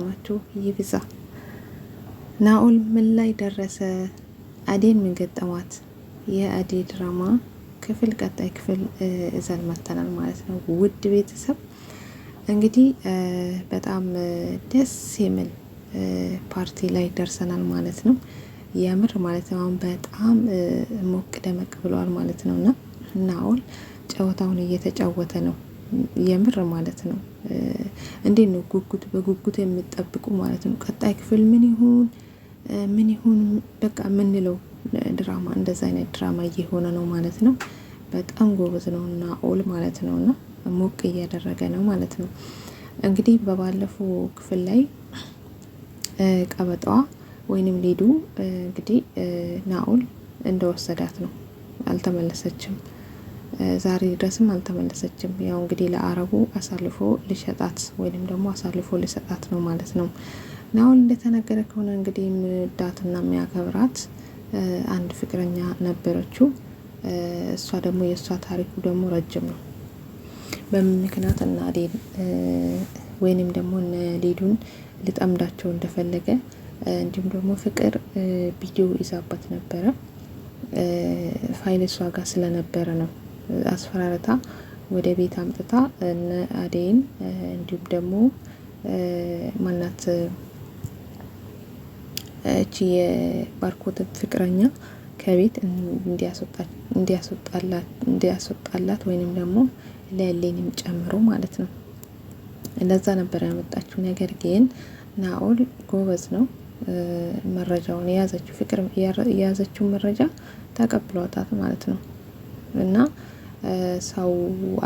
ሰላማችሁ ይብዛ። ናኦል ምን ላይ ደረሰ? አዴን ምን ገጠማት? የአዴ ድራማ ክፍል ቀጣይ ክፍል እዘን መተናል ማለት ነው። ውድ ቤተሰብ እንግዲህ በጣም ደስ የሚል ፓርቲ ላይ ደርሰናል ማለት ነው። የምር ማለት ነው። አሁን በጣም ሞቅ ደመቅ ብለዋል ማለት ነው እና ናኦል ጨዋታውን እየተጫወተ ነው። የምር ማለት ነው። እንዴት ነው ጉጉት በጉጉት የምጠብቁ ማለት ነው። ቀጣይ ክፍል ምን ይሁን ምን ይሁን በቃ የምንለው ድራማ እንደዛ አይነት ድራማ እየሆነ ነው ማለት ነው። በጣም ጎበዝ ነው እና ኦል ማለት ነው እና ሞቅ እያደረገ ነው ማለት ነው። እንግዲህ በባለፈው ክፍል ላይ ቀበጣዋ ወይንም ሊዱ እንግዲህ ናኦል እንደወሰዳት ነው፣ አልተመለሰችም። ዛሬ ድረስም አልተመለሰችም። ያው እንግዲህ ለአረቡ አሳልፎ ልሸጣት ወይንም ደግሞ አሳልፎ ልሰጣት ነው ማለት ነው። ናሁን እንደተነገረ ከሆነ እንግዲህ ምዳትና የሚያከብራት አንድ ፍቅረኛ ነበረችው። እሷ ደግሞ የእሷ ታሪኩ ደግሞ ረጅም ነው። በምን ምክንያት እና ወይንም ደግሞ እነ ሊዱን ልጠምዳቸው እንደፈለገ እንዲሁም ደግሞ ፍቅር ቪዲዮ ይዛባት ነበረ ፋይል እሷ ጋር ስለነበረ ነው አስፈራርታ ወደ ቤት አምጥታ እነ አደይን እንዲሁም ደግሞ ማናት እቺ የባርኮትን ፍቅረኛ ከቤት እንዲያስወጣላት ወይንም ደግሞ ለሌንም ጨምሮ ማለት ነው። እንደዛ ነበር ያመጣችው። ነገር ግን ናኦል ጎበዝ ነው። መረጃውን የያዘችው ፍቅር የያዘችው መረጃ ተቀብሏታት ማለት ነው እና ሰው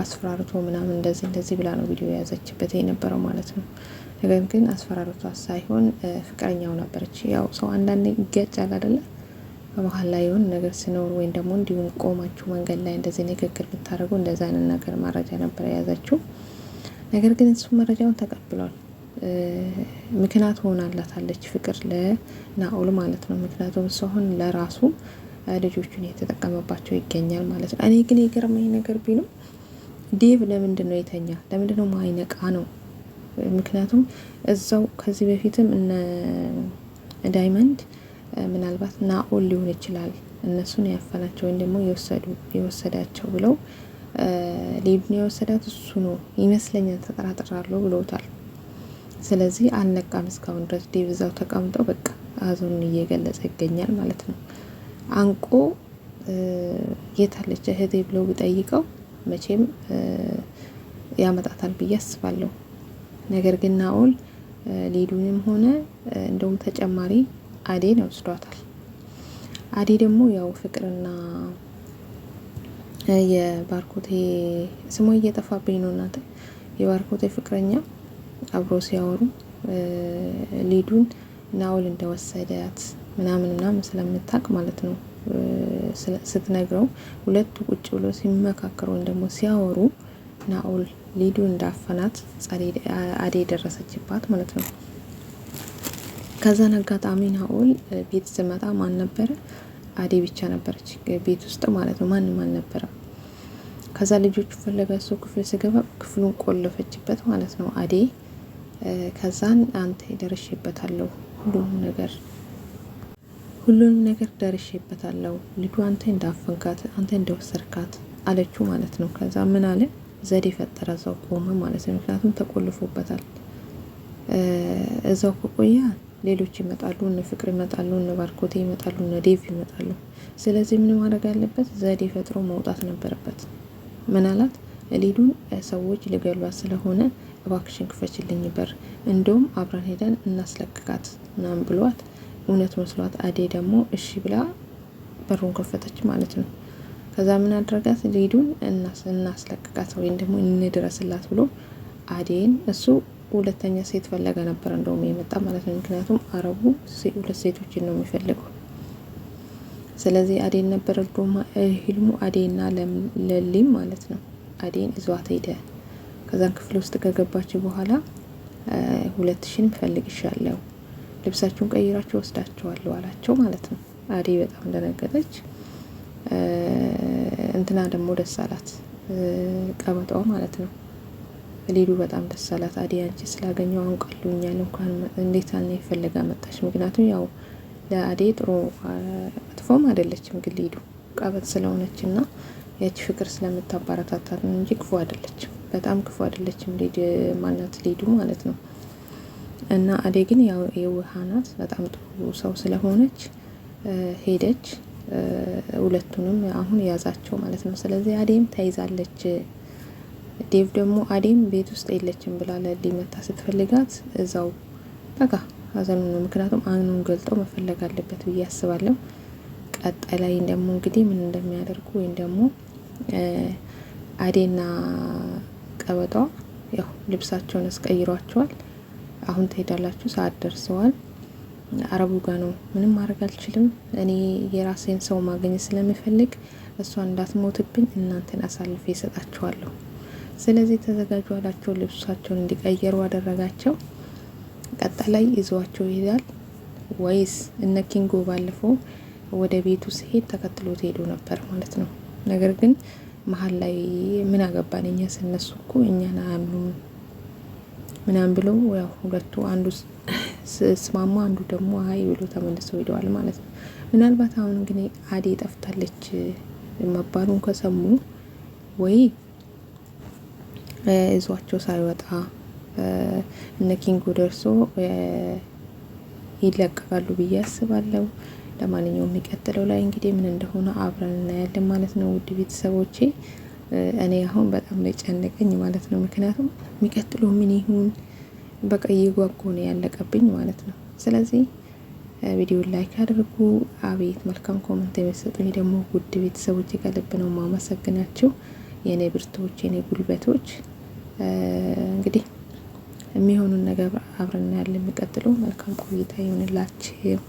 አስፈራርቶ ምናምን እንደዚህ እንደዚህ ብላ ነው ቪዲዮ የያዘችበት የነበረው ማለት ነው። ነገር ግን አስፈራርቷ ሳይሆን ፍቅረኛው ነበረች። ያው ሰው አንዳንዴ ይጋጫል አይደለ? በመሀል ላይ የሆን ነገር ሲኖር ወይም ደግሞ እንዲሁም ቆማችሁ መንገድ ላይ እንደዚህ ንግግር ብታደርጉ እንደዛ አይነት ነገር መረጃ ነበር የያዘችው። ነገር ግን እሱ መረጃውን ተቀብሏል። ምክንያት ሆናላታለች ፍቅር ለናኦል ማለት ነው። ምክንያቱም አሁን ለራሱ ልጆቹን የተጠቀመባቸው ይገኛል ማለት ነው። እኔ ግን የገረመኝ ነገር ቢኖር ዴቭ ለምንድን ነው የተኛ? ለምንድን ነው ማይነቃ ነው? ምክንያቱም እዛው ከዚህ በፊትም እነ ዳይመንድ ምናልባት ናኦል ሊሆን ይችላል እነሱን ያፈናቸው ወይም ደግሞ የወሰዳቸው ብለው ሊድን የወሰዳት እሱ ነው ይመስለኛል ተጠራጥራለሁ ብለውታል። ስለዚህ አልነቃም እስካሁን ድረስ ዴቭ እዛው ተቀምጠው በቃ አዞን እየገለጸ ይገኛል ማለት ነው። አንቆ የታለች እህቴ ብሎ ቢጠይቀው መቼም ያመጣታል ብዬ አስባለሁ። ነገር ግን ናኦል ሌዱንም ሆነ እንደውም ተጨማሪ አዴን ወስዷታል። አዴ ደግሞ ያው ፍቅርና የባርኮቴ ስሟ እየጠፋብኝ ነው እናንተ የባርኮቴ ፍቅረኛ አብሮ ሲያወሩ ሊዱን ናኦል እንደወሰዳት ምናምን ምናምን ስለምታውቅ ማለት ነው ስትነግረው ሁለቱ ቁጭ ብሎ ሲመካከሩ ወይም ደግሞ ሲያወሩ ናኦል ሊዱ እንዳፈናት አዴ ደረሰችባት ማለት ነው። ከዛን አጋጣሚ ናኦል ቤት ስመጣ ማን ነበረ? አዴ ብቻ ነበረች ቤት ውስጥ ማለት ነው። ማንም አልነበረም። ከዛ ልጆቹ ፈለጋ እሱ ክፍል ስገባ ክፍሉን ቆለፈችበት ማለት ነው አዴ። ከዛን አንተ ደርሼበታለሁ ሁሉም ነገር ሁሉንም ነገር ደርሼበታለሁ። ልጁ አንተ እንዳፈንካት፣ አንተ እንደወሰርካት አለችው ማለት ነው። ከዛ ምን አለ ዘዴ የፈጠረ እዛው ቆመ ማለት ነው። ምክንያቱም ተቆልፎበታል። እዛው ከቆያ ሌሎች ይመጣሉ፣ እነ ፍቅር ይመጣሉ፣ እነ ባርኮቴ ይመጣሉ፣ እነ ዴቭ ይመጣሉ። ስለዚህ ምን ማድረግ አለበት? ዘዴ ፈጥሮ መውጣት ነበረበት። ምን አላት? ሊዱን ሰዎች ሊገሏት ስለሆነ እባክሽን ክፈችልኝ በር፣ እንደውም አብረን ሄደን እናስለቅቃት ምናምን ብሏት እውነት መስሏት አዴ ደግሞ እሺ ብላ በሩን ከፈተች ማለት ነው። ከዛ ምን አደረጋት? ሊዱን እናስለቅቃት ወይም ደግሞ እንድረስላት ብሎ አዴን እሱ ሁለተኛ ሴት ፈለገ ነበር እንደውም የመጣ ማለት ነው። ምክንያቱም አረቡ ሁለት ሴቶችን ነው የሚፈልገው። ስለዚህ አዴን ነበር ዶማ ህልሙ አዴና ለሊም ማለት ነው። አዴን እዟት ሄደ። ከዛን ክፍል ውስጥ ከገባች በኋላ ሁለት ሺን ይሻለው ልብሳችሁን ቀይራችሁ ወስዳችኋለሁ አላቸው ማለት ነው። አዴ በጣም ደነገጠች። እንትና ደግሞ ደስ አላት ቀበጧ ማለት ነው። ሌሉ በጣም ደስ አላት። አዴ አንቺ ስላገኘው አንቀሉኛል እንኳን እንዴት አልነ ይፈለጋ መጣች። ምክንያቱም ያው ለአዴ ጥሩ መጥፎም አይደለችም፣ ግን ሊዱ ቀበጥ ስለሆነች እና ያቺ ፍቅር ስለምታባረታታት እንጂ ክፉ አይደለችም። በጣም ክፉ አይደለችም። ሊድ ማናት ሊዱ ማለት ነው። እና አዴ ግን ያው የውሃ ናት በጣም ጥሩ ሰው ስለሆነች ሄደች። ሁለቱንም አሁን ያዛቸው ማለት ነው። ስለዚህ አዴም ተይዛለች። ዴቭ ደግሞ አዴም ቤት ውስጥ የለችም ብላለ ሊመታ ስትፈልጋት እዛው በቃ ሀዘኑ ነው። ምክንያቱም አይኑን ገልጠው መፈለግ አለበት ብዬ አስባለሁ። ቀጣይ ላይ ደግሞ እንግዲህ ምን እንደሚያደርጉ ወይም ደግሞ አዴና ቀበጧ ያው ልብሳቸውን አስቀይሯቸዋል። አሁን ትሄዳላችሁ፣ ሰዓት ደርሰዋል፣ አረቡ ጋ ነው፣ ምንም ማድረግ አልችልም፣ እኔ የራሴን ሰው ማግኘት ስለሚፈልግ እሷ እንዳትሞትብኝ እናንተን አሳልፌ ይሰጣችኋለሁ። ስለዚህ ተዘጋጁ አላቸው። ልብሳቸውን እንዲቀየሩ አደረጋቸው። ቀጣይ ላይ ይዟቸው ይሄዳል ወይስ እነ ኪንጎ ባለፈው ወደ ቤቱ ሲሄድ ተከትሎት ሄዶ ነበር ማለት ነው። ነገር ግን መሀል ላይ ምን አገባን እኛ ስነሱ እኮ እኛን አያምኑም ምናምን ብለው ያው ሁለቱ አንዱ ስማማ አንዱ ደግሞ አይ ብሎ ተመልሰው ሄደዋል ማለት ነው። ምናልባት አሁን ግን አዴ ጠፍታለች መባሉን ከሰሙ ወይ እዟቸው ሳይወጣ እነ ኪንጉ ደርሶ ይለቀቃሉ ብዬ አስባለሁ። ለማንኛውም የሚቀጥለው ላይ እንግዲህ ምን እንደሆነ አብረን እናያለን ማለት ነው ውድ ቤተሰቦቼ። እኔ አሁን በጣም ነው የጨነቀኝ ማለት ነው። ምክንያቱም የሚቀጥሎ ምን ይሁን በቃ እየጓጓ ነው ያለቀብኝ ማለት ነው። ስለዚህ ቪዲዮ ላይክ አድርጉ። አቤት መልካም ኮመንት የሚሰጡኝ ደግሞ ውድ ቤተሰቦች ከልብ ነው ማመሰግናችሁ። የእኔ ብርቶች፣ የእኔ ጉልበቶች እንግዲህ የሚሆኑን ነገር አብረና ያለ የሚቀጥለው መልካም ቆይታ ይሆንላችሁ።